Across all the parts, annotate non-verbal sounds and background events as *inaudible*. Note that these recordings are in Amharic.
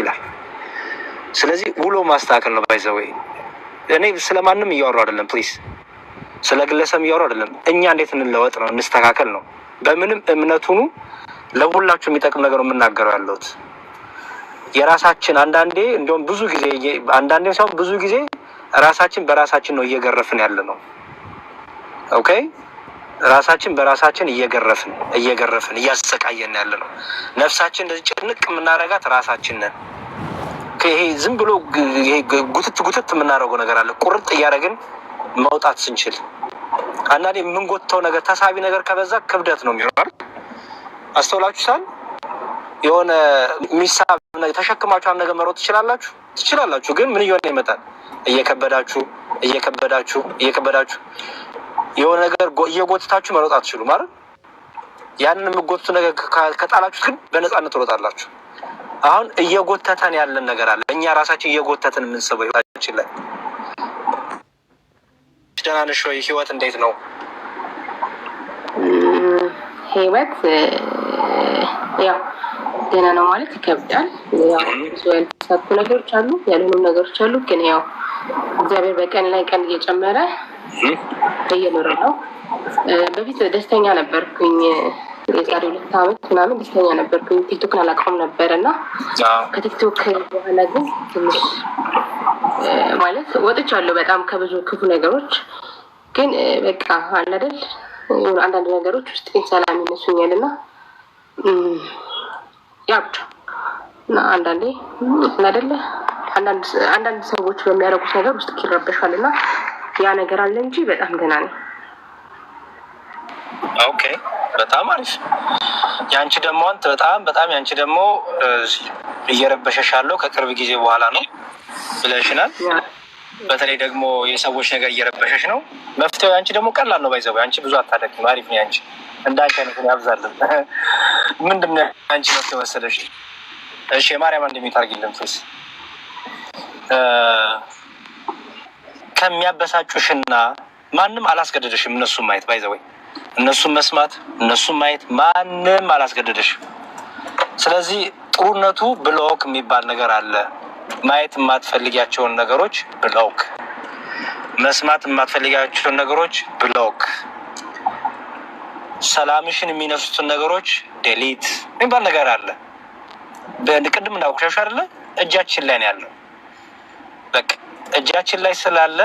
ይላል። ስለዚህ ውሎ ማስተካከል ነው ወይ እኔ ስለማንም እያወሩ አይደለም፣ ፕሊስ ስለ ግለሰብ እያወሩ አይደለም። እኛ እንዴት እንለወጥ ነው እንስተካከል ነው። በምንም እምነቱኑ ለሁላችሁ የሚጠቅም ነገር የምናገረው ያለሁት የራሳችን አንዳንዴ እንዲሁም ብዙ ጊዜ አንዳንዴ ሳይሆን ብዙ ጊዜ ራሳችን በራሳችን ነው እየገረፍን ያለ ነው። ኦኬ ራሳችን በራሳችን እየገረፍን እየገረፍን እያሰቃየን ያለ ነው። ነፍሳችን ጭንቅ የምናረጋት ራሳችን ነን። ይሄ ዝም ብሎ ጉትት ጉትት የምናደርገው ነገር አለ። ቁርጥ እያደረግን መውጣት ስንችል አንዳንዴ የምንጎተው ነገር ተሳቢ ነገር ከበዛ ክብደት ነው የሚሆነው። አስተውላችሁታል? የሆነ ሚሳብ ተሸክማችሁ አንድ ነገር መሮጥ ትችላላችሁ ትችላላችሁ፣ ግን ምን እየሆነ ይመጣል? እየከበዳችሁ እየከበዳችሁ እየከበዳችሁ የሆነ ነገር እየጎትታችሁ መሮጥ አትችሉም አይደል? ያንን የምጎትቱ ነገር ከጣላችሁት ግን በነፃነት ትሮጣላችሁ። አሁን እየጎተተን ያለን ነገር አለ። እኛ ራሳችን እየጎተተን የምንስበው ህይወታችን ላይ ደህና ነሽ ወይ? ህይወት እንዴት ነው? ህይወት ያው ደህና ነው ማለት ይከብዳል። ያው ያልተሳኩ ነገሮች አሉ፣ ያልሆኑም ነገሮች አሉ። ግን ያው እግዚአብሔር በቀን ላይ ቀን እየጨመረ እየኖረ ነው። በፊት ደስተኛ ነበርኩኝ። የዛሬ ሁለት ዓመት ምናምን ደስተኛ ነበርኩኝ። ቲክቶክን አላውቀውም ነበር እና ከቲክቶክ በኋላ ግን ትንሽ ማለት ወጥቻለሁ በጣም ከብዙ ክፉ ነገሮች። ግን በቃ አለ አይደል አንዳንድ ነገሮች ውስጥ ሰላም ይነሱኛል እና ያብቻ እና አንዳንዴ አይደለ አንዳንድ ሰዎች በሚያደርጉት ነገር ውስጥ ይረበሻል እና ያ ነገር አለ እንጂ በጣም ገና ነው። ኦኬ፣ በጣም አሪፍ። የአንቺ ደግሞ አንተ በጣም በጣም የአንቺ ደግሞ እየረበሸሽ ያለው ከቅርብ ጊዜ በኋላ ነው ብለሽናል። በተለይ ደግሞ የሰዎች ነገር እየረበሸሽ ነው። መፍትሄው የአንቺ ደግሞ ቀላል ነው። ባይዘው አንቺ ብዙ አታደርጊም። አሪፍ ነው። አንቺ እንዳንቺ አይነት ነው ያብዛለን። ምንድን ነው አንቺ መፍትሄው መሰለሽ? እሺ፣ የማርያም እንደሚታርግልን ፍስ ከሚያበሳጩሽና ማንም አላስገደደሽም። እነሱን ማየት ባይዘወይ እነሱን መስማት እነሱን ማየት ማንም አላስገደደሽም። ስለዚህ ጥሩነቱ ብሎክ የሚባል ነገር አለ። ማየት የማትፈልጊያቸውን ነገሮች ብሎክ፣ መስማት የማትፈልጊያቸውን ነገሮች ብሎክ፣ ሰላምሽን የሚነሱትን ነገሮች ዴሊት የሚባል ነገር አለ። ቅድም እንዳውቅሻሽ አለ እጃችን ላይ ነው ያለው እጃችን ላይ ስላለ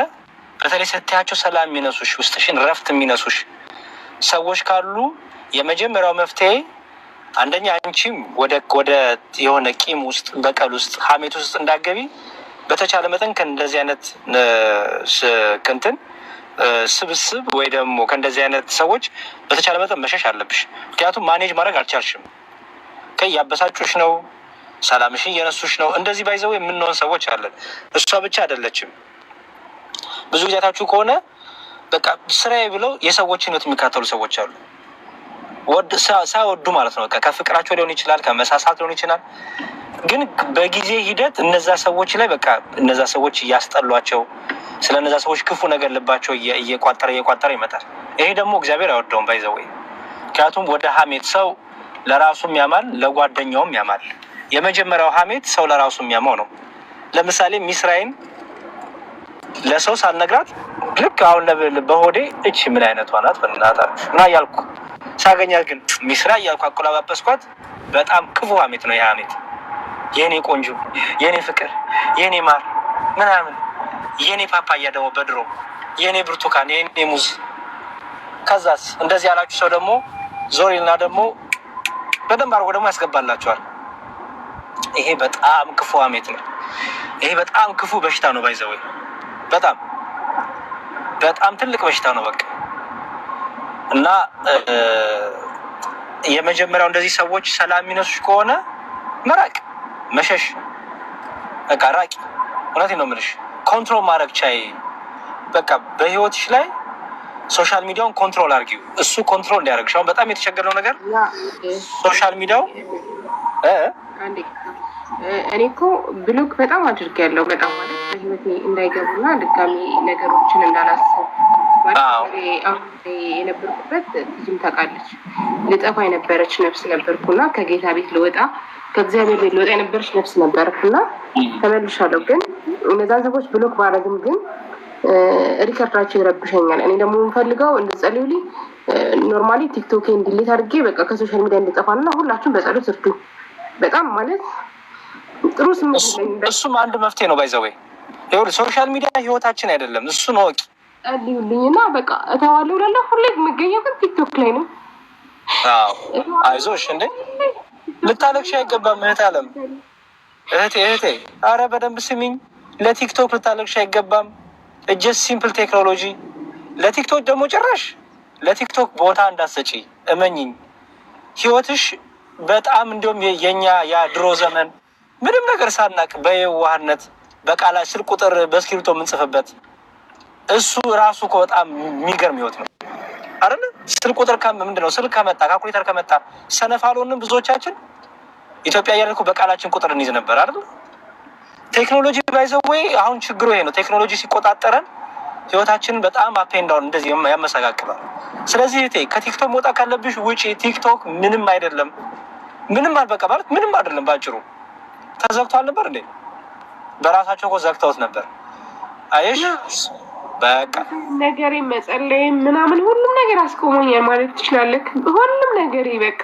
በተለይ ስትያቸው ሰላም የሚነሱሽ ውስጥሽን ረፍት የሚነሱሽ ሰዎች ካሉ የመጀመሪያው መፍትሄ አንደኛ አንቺም ወደ ወደ የሆነ ቂም ውስጥ በቀል ውስጥ ሀሜት ውስጥ እንዳገቢ በተቻለ መጠን ከእንደዚህ አይነት ክንትን ስብስብ ወይ ደግሞ ከእንደዚህ አይነት ሰዎች በተቻለ መጠን መሸሽ አለብሽ። ምክንያቱም ማኔጅ ማድረግ አልቻልሽም። ያበሳጩሽ ነው ሰላምሽን እየነሱሽ ነው። እንደዚህ ባይዘው የምንሆን ሰዎች አለን። እሷ ብቻ አይደለችም። ብዙ ጊዜታችሁ ከሆነ በቃ ስራዬ ብለው የሰዎችን ህይወት የሚካተሉ ሰዎች አሉ። ሳይወዱ ማለት ነው። ከፍቅራቸው ሊሆን ይችላል፣ ከመሳሳት ሊሆን ይችላል። ግን በጊዜ ሂደት እነዛ ሰዎች ላይ በቃ እነዛ ሰዎች እያስጠሏቸው፣ ስለ እነዛ ሰዎች ክፉ ነገር ልባቸው እየቋጠረ እየቋጠረ ይመጣል። ይሄ ደግሞ እግዚአብሔር አይወደውም ባይዘወይ። ምክንያቱም ወደ ሀሜት ሰው ለራሱም ያማል፣ ለጓደኛውም ያማል። የመጀመሪያው ሀሜት ሰው ለራሱ የሚያመው ነው። ለምሳሌ ሚስራይን ለሰው ሳልነግራት ልክ አሁን በሆዴ እች ምን አይነቷ ናት እና እያልኩ ሳገኛት ግን ሚስራ እያልኩ አቆላባበስኳት። በጣም ክፉ ሀሜት ነው። የሀሜት የእኔ ቆንጆ፣ የእኔ ፍቅር፣ የእኔ ማር ምናምን፣ የኔ ፓፓያ ደግሞ በድሮ የእኔ ብርቱካን፣ የእኔ ሙዝ። ከዛስ እንደዚህ ያላችሁ ሰው ደግሞ ዞሪና ደግሞ በደንብ አድርጎ ደግሞ ያስገባላችኋል። ይሄ በጣም ክፉ ሐሜት ነው። ይሄ በጣም ክፉ በሽታ ነው። ባይዘወ በጣም በጣም ትልቅ በሽታ ነው። በቃ እና የመጀመሪያው እንደዚህ ሰዎች ሰላም የሚነሱሽ ከሆነ መራቅ፣ መሸሽ፣ በቃ ራቂ። እውነት ነው የምልሽ ኮንትሮል ማድረግ ቻይ። በቃ በህይወትሽ ላይ ሶሻል ሚዲያውን ኮንትሮል አድርጊው፣ እሱ ኮንትሮል እንዲያደርግሽ። አሁን በጣም የተቸገረው ነገር ሶሻል ሚዲያው እኔ እኮ ብሎክ በጣም አድርጌያለሁ። በጣም ማለት በህይወቴ እንዳይገቡና ድጋሚ ነገሮችን እንዳላስብ የነበርኩበት ብዙም ታውቃለች። ልጠፋ የነበረች ነፍስ ነበርኩና ከጌታ ቤት ልወጣ ከእግዚአብሔር ቤት ልወጣ የነበረች ነፍስ ነበርኩና ተመልሻለሁ። ግን እነዛን ሰዎች ብሎክ ባረግም ግን ሪከርዳቸው ይረብሸኛል። እኔ ደግሞ የምፈልገው እንድጸልዩልኝ ኖርማሊ ቲክቶኬን ዲሌት አድርጌ በቃ ከሶሻል ሚዲያ እንድጠፋና ሁላችሁም በጸሎት እርዱኝ። በጣም ማለት ጥሩ ስሜት እሱም አንድ መፍትሄ ነው። ባይዘወይ ይኸውልህ ሶሻል ሚዲያ ህይወታችን አይደለም። እሱ ነው ወቂ ልዩልኝና በቃ እተዋለሁ እላለሁ። ሁሌ የምገኘው ግን ቲክቶክ ላይ ነው። አይዞሽ እንዴ ልታለቅሽ አይገባም እህት አለም እህቴ እህቴ፣ አረ በደንብ ስሚኝ። ለቲክቶክ ልታለቅሽ አይገባም። እጀስ ሲምፕል ቴክኖሎጂ ለቲክቶክ ደግሞ ጭራሽ ለቲክቶክ ቦታ እንዳሰጪ እመኝኝ ህይወትሽ በጣም እንዲሁም የኛ የድሮ ዘመን ምንም ነገር ሳናቅ በየዋህነት በቃላ ስል ቁጥር በእስክሪብቶ የምንጽፍበት እሱ ራሱ እኮ በጣም የሚገርም ህይወት ነው አይደለ? ስል ቁጥር ምንድን ነው? ስል ከመጣ ካልኩሌተር ከመጣ ሰነፍ አልሆንም። ብዙዎቻችን ኢትዮጵያ እያለን እኮ በቃላችን ቁጥር እንይዝ ነበር አይደለ? ቴክኖሎጂ ባይዘወይ አሁን ችግሩ ይሄ ነው። ቴክኖሎጂ ሲቆጣጠረን ህይወታችንን በጣም አፔንዳውን እንደዚህ ያመሰጋቅላል። ስለዚህ እህቴ ከቲክቶክ መውጣት ካለብሽ ውጪ። ቲክቶክ ምንም አይደለም፣ ምንም አልበቃ ማለት ምንም አይደለም። ባጭሩ ተዘግቶ ነበር እንዴ? በራሳቸው ዘግተውት ነበር። አየሽ በቃ ነገሬ መጸለይ ምናምን ሁሉም ነገር አስቆሞኛል ማለት ትችላለህ። ሁሉም ነገር ይበቅ።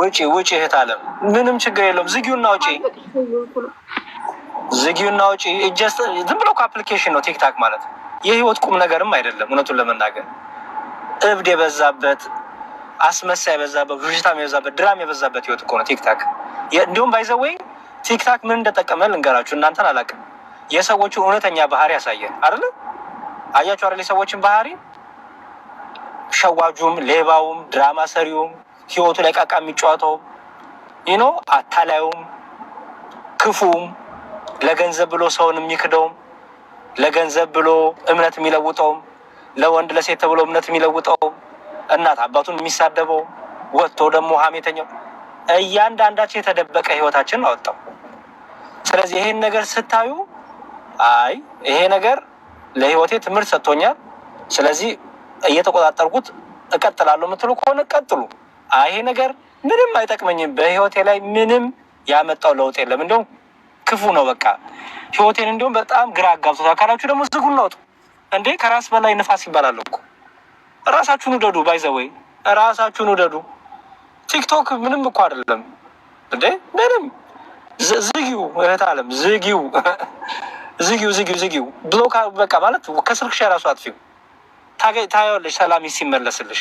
ውጪ ውጪ፣ እህት አለም ምንም ችግር የለውም። ዝጊውና ውጪ፣ ዝጊውና ውጪ። ዝም ብሎ አፕሊኬሽን ነው ቲክታክ ማለት ነው። የህይወት ቁም ነገርም አይደለም። እውነቱን ለመናገር እብድ የበዛበት አስመሳ የበዛበት ብዥታም የበዛበት ድራም የበዛበት ህይወት እኮ ነው ቲክታክ። እንዲሁም ባይዘወይ ቲክታክ ምን እንደጠቀመ ልንገራችሁ፣ እናንተን አላውቅም። የሰዎቹን እውነተኛ ባህሪ ያሳየን አይደለ? አያችሁ አይደል? የሰዎችን ባህሪ ሸዋጁም፣ ሌባውም፣ ድራማ ሰሪውም፣ ህይወቱ ላይ ቃቃ የሚጫወተው ይኖ አታላዩም፣ ክፉም፣ ለገንዘብ ብሎ ሰውን የሚክደውም ለገንዘብ ብሎ እምነት የሚለውጠውም ለወንድ ለሴት ብሎ እምነት የሚለውጠውም እናት አባቱን የሚሳደበው ወጥቶ ደግሞ ሀሜተኛው እያንዳንዳችን የተደበቀ ህይወታችን አወጣው። ስለዚህ ይሄን ነገር ስታዩ አይ ይሄ ነገር ለህይወቴ ትምህርት ሰጥቶኛል፣ ስለዚህ እየተቆጣጠርኩት እቀጥላለሁ የምትሉ ከሆነ ቀጥሉ። ይሄ ነገር ምንም አይጠቅመኝም፣ በህይወቴ ላይ ምንም ያመጣው ለውጥ የለም፣ እንዲሁም ክፉ ነው። በቃ ህይወቴን እንዲሁም በጣም ግራ አጋብቶታል አካላችሁ ደግሞ ዝጉን አውጡ እንዴ! ከራስ በላይ ንፋስ ይባላል እኮ። ራሳችሁን ውደዱ። ባይዘወይ ራሳችሁን ውደዱ። ቲክቶክ ምንም እኮ አይደለም እንዴ! ምንም ዝጊው፣ እህት አለም ዝጊው፣ *laughs* ዝጊው፣ ዝጊው፣ ዝጊው። ብሎክ በቃ ማለት ከስልክሽ የራሱ አጥፊው ታየዋለሽ። ሰላም ሲመለስልሽ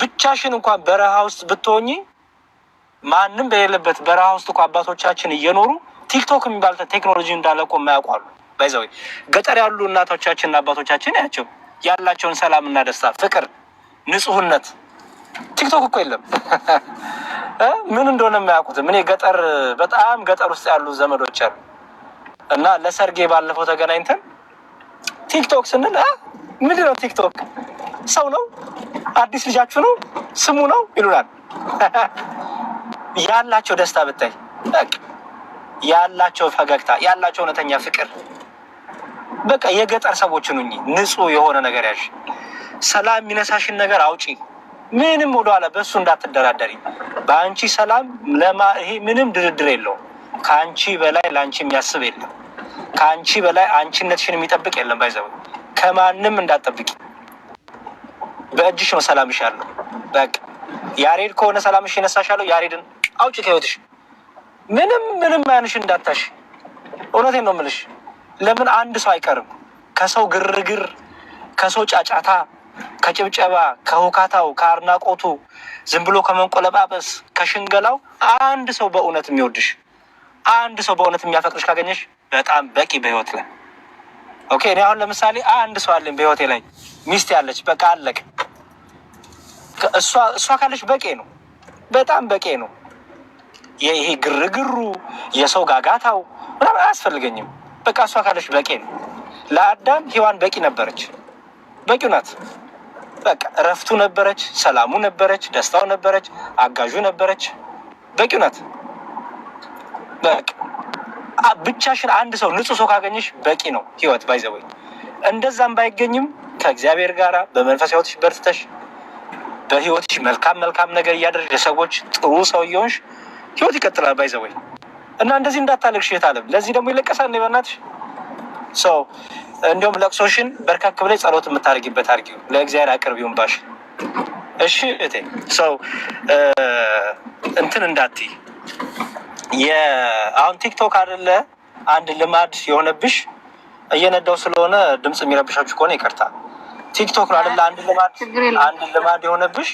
ብቻሽን እንኳን በረሃ ውስጥ ብትሆኚ ማንም በሌለበት በረሃ ውስጥ እኮ አባቶቻችን እየኖሩ ቲክቶክ የሚባል ቴክኖሎጂ እንዳለ እኮ የማያውቋሉ። አሉ። ገጠር ያሉ እናቶቻችንና አባቶቻችን ያቸው ያላቸውን ሰላም እና ደስታ፣ ፍቅር፣ ንጹህነት ቲክቶክ እኮ የለም። *laughs* ምን እንደሆነ የማያውቁትም። እኔ ገጠር በጣም ገጠር ውስጥ ያሉ ዘመዶች አሉ እና ለሰርጌ ባለፈው ተገናኝተን ቲክቶክ ስንል ምንድን ነው ቲክቶክ? ሰው ነው? አዲስ ልጃችሁ ነው? ስሙ ነው ይሉናል። *laughs* ያላቸው ደስታ ብታይ በቃ ያላቸው ፈገግታ ያላቸው እውነተኛ ፍቅር በቃ የገጠር ሰዎችን ሁኚ። ንጹህ የሆነ ነገር ያዥ። ሰላም የሚነሳሽን ነገር አውጪ። ምንም ወደኋላ በእሱ እንዳትደራደሪ። በአንቺ ሰላም ለማ ይሄ ምንም ድርድር የለውም። ከአንቺ በላይ ለአንቺ የሚያስብ የለም። ከአንቺ በላይ አንቺነትሽን የሚጠብቅ የለም። ባይዘው ከማንም እንዳትጠብቂ። በእጅሽ ነው ሰላምሽ ያለው። በቃ ያሬድ ከሆነ ሰላምሽ ይነሳሻለሁ ያሬድን አውጭ ከህይወትሽ። ምንም ምንም አይንሽ እንዳታሽ። እውነቴን ነው ምልሽ። ለምን አንድ ሰው አይቀርም ከሰው ግርግር፣ ከሰው ጫጫታ፣ ከጭብጨባ፣ ከሁካታው፣ ከአድናቆቱ፣ ዝም ብሎ ከመንቆለጳጰስ፣ ከሽንገላው አንድ ሰው በእውነት የሚወድሽ አንድ ሰው በእውነት የሚያፈቅርሽ ካገኘሽ በጣም በቂ በህይወት ላይ ኦኬ። እኔ አሁን ለምሳሌ አንድ ሰው አለኝ በህይወቴ ላይ ሚስት ያለች በቃ አለቅ። እሷ ካለች በቂ ነው፣ በጣም በቂ ነው። ይሄ ግርግሩ የሰው ጋጋታው ምናምን አያስፈልገኝም። በቃ እሷ ካለች በቂ ነው። ለአዳም ሔዋን በቂ ነበረች፣ በቂው ናት። በቃ እረፍቱ ነበረች፣ ሰላሙ ነበረች፣ ደስታው ነበረች፣ አጋዡ ነበረች፣ በቂው ናት። በቃ ብቻሽን አንድ ሰው ንጹህ ሰው ካገኘሽ በቂ ነው ህይወት ባይዘወይ። እንደዛም ባይገኝም ከእግዚአብሔር ጋራ በመንፈስ ህይወትሽ በርትተሽ በህይወትሽ መልካም መልካም ነገር እያደረግሽ ለሰዎች ጥሩ ሰው እየሆንሽ ህይወት ይቀጥላል። ባይዘወይ እና እንደዚህ እንዳታለቅሽ የታለም ለዚህ ደግሞ ይለቀሳል ነው ሰው እንዲሁም ለቅሶሽን በርካክ ብላይ ጸሎት የምታደርጊበት አድርጊው። ለእግዚአብሔር አቅርቢውን ባሽ እሺ እቴ ሰው እንትን እንዳት አሁን ቲክቶክ አደለ አንድ ልማድ የሆነብሽ እየነዳው ስለሆነ ድምፅ የሚረብሻችሁ ከሆነ ይቅርታል። ቲክቶክ ነው አይደለ አንድ ልማድ አንድ ልማድ የሆነብሽ።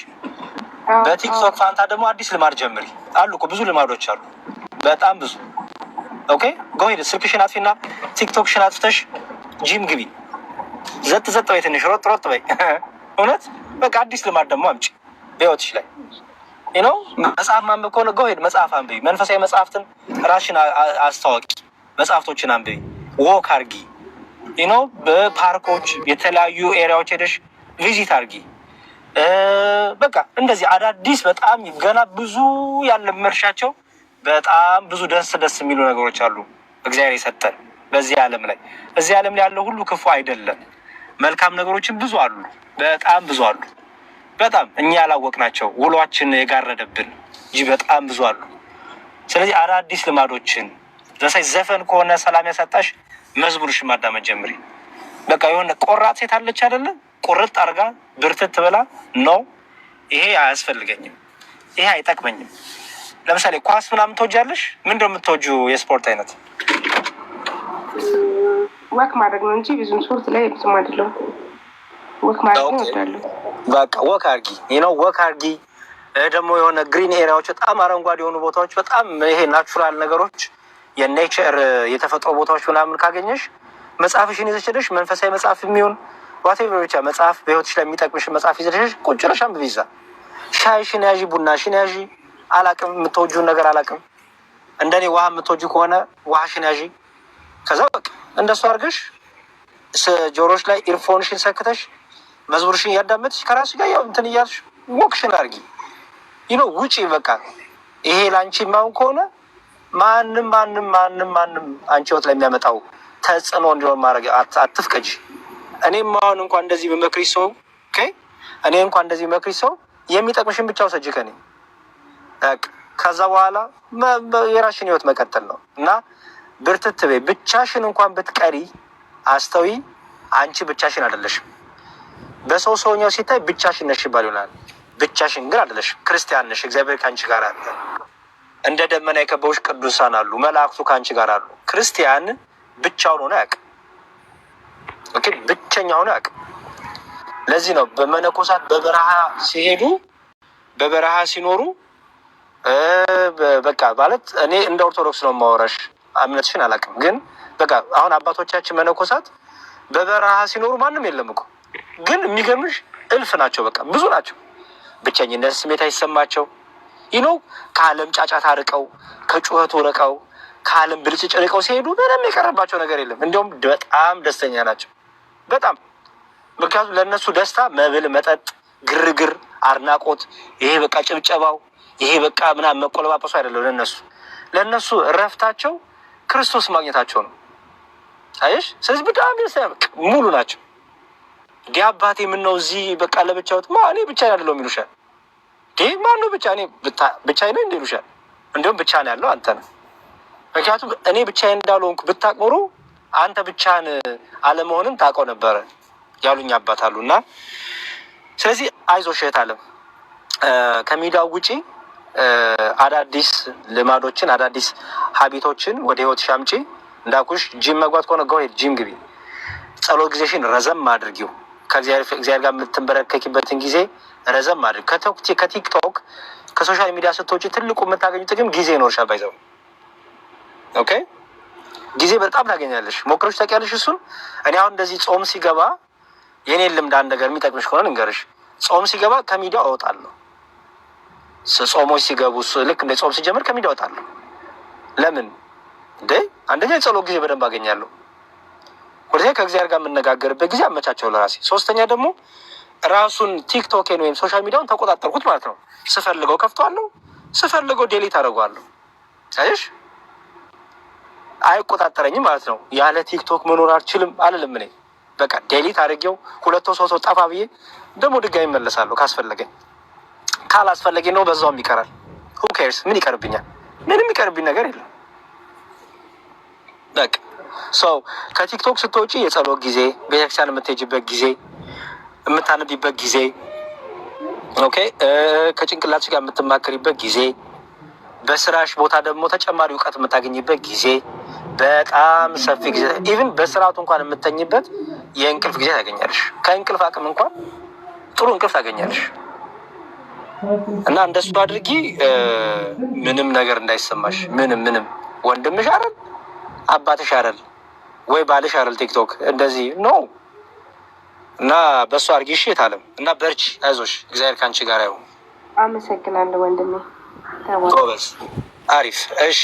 በቲክቶክ ፋንታ ደግሞ አዲስ ልማድ ጀምሪ። አሉ እኮ ብዙ ልማዶች አሉ፣ በጣም ብዙ። ኦኬ ጎሄድ ስልክሽን አጥፊና ቲክቶክሽን አጥፍተሽ ጂም ግቢ፣ ዘጥ ዘጥ በይ፣ ትንሽ ሮጥ ሮጥ በይ። *laughs* እውነት በቃ አዲስ ልማድ ደግሞ አምጪ በህይወትሽ ላይ ነው። መጽሐፍ ማንበብ ከሆነ ጎሄድ መጽሐፍ አንብቢ፣ መንፈሳዊ መጽሐፍትን ራሽን አስታዋቂ መጽሐፍቶችን አንብቢ፣ ዎክ አርጊ ነው፣ በፓርኮች የተለያዩ ኤሪያዎች ሄደሽ ቪዚት አርጊ። በቃ እንደዚህ አዳዲስ በጣም ገና ብዙ ያልለመድሻቸው በጣም ብዙ ደስ ደስ የሚሉ ነገሮች አሉ እግዚአብሔር የሰጠን በዚህ ዓለም ላይ። እዚህ ዓለም ላይ ያለው ሁሉ ክፉ አይደለም። መልካም ነገሮችን ብዙ አሉ፣ በጣም ብዙ አሉ። በጣም እኛ ያላወቅናቸው ውሏችን የጋረደብን እንጂ በጣም ብዙ አሉ። ስለዚህ አዳዲስ ልማዶችን ለሳይ ዘፈን ከሆነ ሰላም ያሳጣሽ መዝሙርሽን ማዳመጥ ጀምሪ። በቃ የሆነ ቆራጥ ሴት አለች አይደለም ቁርጥ አርጋ ብርትት ብላ ኖ ይሄ አያስፈልገኝም፣ ይሄ አይጠቅመኝም። ለምሳሌ ኳስ ምናምን ትወጃለሽ? ምንድን ነው የምትወጁ የስፖርት አይነት? ወክ ማድረግ ነው እንጂ ብዙም ስፖርት ላይ ብዙም አይደለሁም። ወክ ማድረግ ነው በቃ ወክ አርጊ ነው ወክ አርጊ ደግሞ የሆነ ግሪን ኤሪያዎች፣ በጣም አረንጓዴ የሆኑ ቦታዎች፣ በጣም ይሄ ናቹራል ነገሮች፣ የኔቸር የተፈጥሮ ቦታዎች ምናምን ካገኘሽ መጽሐፍሽን ይዘችልሽ መንፈሳዊ መጽሐፍ የሚሆን ዋቴቨር ብቻ መጽሐፍ በህይወትሽ ላይ የሚጠቅምሽ መጽሐፍ ይዘሽ ቁጭ ብለሽ አንብቢ። እዛ ሻይሽን ያዢ፣ ቡናሽን ያዢ። አላቅም የምትወጁን ነገር አላቅም። እንደኔ ውሃ የምትወጁ ከሆነ ውሃሽን ያዢ። ከዛ በቃ እንደሱ አድርገሽ ጆሮች ላይ ኢርፎንሽን ሰክተሽ መዝሙርሽን እያዳመጥሽ ከራሱ ጋር ያው እንትን እያልሽ ሞክሽን አድርጊ። ይኖ ውጪ በቃ ይሄ ለአንቺ ማሁን ከሆነ ማንም ማንም ማንም ማንም አንቺ ህይወት ላይ የሚያመጣው ተጽዕኖ እንዲሆን ማድረግ አትፍቀጅ። እኔም አሁን እንኳ እንደዚህ በመክሪ ሰው እኔ እንኳ እንደዚህ መክሪ ሰው የሚጠቅምሽን ብቻ ውሰጅ ከኔ። ከዛ በኋላ የራሽን ህይወት መቀጠል ነው እና ብርትት በይ። ብቻሽን እንኳን ብትቀሪ አስተዊ፣ አንቺ ብቻሽን አይደለሽም። በሰው ሰውኛው ሲታይ ብቻሽን ነሽ ይባል ይሆናል። ብቻሽን ግን አይደለሽም። ክርስቲያን ነሽ። እግዚአብሔር ከአንቺ ጋር አለ። እንደ ደመና የከበቡሽ ቅዱሳን አሉ። መላእክቱ ከአንቺ ጋር አሉ። ክርስቲያን ብቻውን ሆነ ያውቅ ምክል ብቸኛውን አቅ ለዚህ ነው በመነኮሳት በበረሃ ሲሄዱ በበረሃ ሲኖሩ በቃ ማለት እኔ እንደ ኦርቶዶክስ ነው ማወራሽ እምነትሽን አላውቅም። ግን በቃ አሁን አባቶቻችን መነኮሳት በበረሃ ሲኖሩ ማንም የለም እኮ ግን የሚገርምሽ እልፍ ናቸው። በቃ ብዙ ናቸው። ብቸኝነት ስሜት አይሰማቸው ይኖ ከዓለም ጫጫታ ርቀው ከጩኸቱ ርቀው ከዓለም ብልጭጭ ርቀው ሲሄዱ ምንም የቀረባቸው ነገር የለም። እንዲሁም በጣም ደስተኛ ናቸው። በጣም ምክንያቱም ለእነሱ ደስታ መብል፣ መጠጥ፣ ግርግር፣ አድናቆት ይሄ በቃ ጭብጨባው ይሄ በቃ ምናምን መቆለባበሱ አይደለም። ለእነሱ ለእነሱ እረፍታቸው ክርስቶስ ማግኘታቸው ነው። አይሽ ስለዚህ በጣም ደስ ሙሉ ናቸው። እንዲህ አባቴ የምነው እዚህ በቃ ለብቻዎት ማ እኔ ብቻ ያለው ይሉሻል። ይህ ማን ነው ብቻ እኔ ብቻ ነ እንዲሉሻል። እንዲሁም ብቻ ነው ያለው አንተ ነው። ምክንያቱም እኔ ብቻ እንዳልሆንኩ ብታቅምሩ አንተ ብቻህን አለመሆንን ታውቀው ነበረ ያሉኝ አባት አሉ እና ስለዚህ አይዞሽ እህት አለም ከሚዲያው ውጪ አዳዲስ ልማዶችን አዳዲስ ሀቢቶችን ወደ ህይወት ሻምጪ እንዳልኩሽ ጂም መግባት ከሆነ ገው ጂም ግቢ። ጸሎት ጊዜሽን ረዘም አድርጊው። ከእግዚአብሔር ጋር የምትንበረከኪበትን ጊዜ ረዘም አድርጊ። ከቲክቶክ ከሶሻል ሚዲያ ስትወጪ ትልቁ የምታገኙ ጥቅም ጊዜ ይኖርሻል። ባይዘው ኦኬ ጊዜ በጣም ታገኛለሽ። ሞክሮች ታውቂያለሽ? እሱን እኔ አሁን እንደዚህ ጾም ሲገባ የኔ ልምድ አንድ ነገር የሚጠቅምሽ ከሆነ ንገርሽ። ጾም ሲገባ ከሚዲያው እወጣለሁ። ጾሞች ሲገቡ ልክ እንደ ጾም ሲጀምር ከሚዲያው እወጣለሁ። ለምን እንደ አንደኛ የጸሎት ጊዜ በደንብ አገኛለሁ። ሁለተኛ ከእግዚአብሔር ጋር የምነጋገርበት ጊዜ አመቻቸው ለራሴ። ሶስተኛ ደግሞ ራሱን ቲክቶክን ወይም ሶሻል ሚዲያውን ተቆጣጠርኩት ማለት ነው። ስፈልገው ከፍተዋለሁ፣ ስፈልገው ዴሊት አደርገዋለሁ። ሳይሽ አይቆጣጠረኝም ማለት ነው። ያለ ቲክቶክ መኖር አልችልም አልልም። እኔ በቃ ዴሊት አድርጌው ሁለት ሰው ሰው ጠፋ ብዬ ደግሞ ድጋሚ መለሳለሁ ካስፈለገኝ። ካላስፈለገኝ ነው በዛውም ይቀራል። ሁ ምን ይቀርብኛል? ምንም ይቀርብኝ ነገር የለም። በቃ ሰው ከቲክቶክ ስትወጪ የጸሎት ጊዜ፣ ቤተክርስቲያን የምትሄጅበት ጊዜ፣ የምታነቢበት ጊዜ፣ ኦኬ ከጭንቅላትሽ ጋር የምትማክሪበት ጊዜ፣ በስራሽ ቦታ ደግሞ ተጨማሪ እውቀት የምታገኝበት ጊዜ በጣም ሰፊ ጊዜ ኢቭን በስርዓቱ እንኳን የምተኝበት የእንቅልፍ ጊዜ ታገኛለሽ። ከእንቅልፍ አቅም እንኳን ጥሩ እንቅልፍ ታገኛለሽ። እና እንደሱ አድርጊ፣ ምንም ነገር እንዳይሰማሽ። ምንም ምንም ወንድምሽ አይደል አባትሽ አይደል ወይ ባልሽ አይደል ቲክቶክ እንደዚህ ኖ እና በእሱ አድርጊ። እሺ የታለም እና በርቺ፣ አይዞሽ፣ እግዚአብሔር ከአንቺ ጋር ይሁን። አመሰግናለሁ ወንድሜ፣ ጎበዝ፣ አሪፍ። እሺ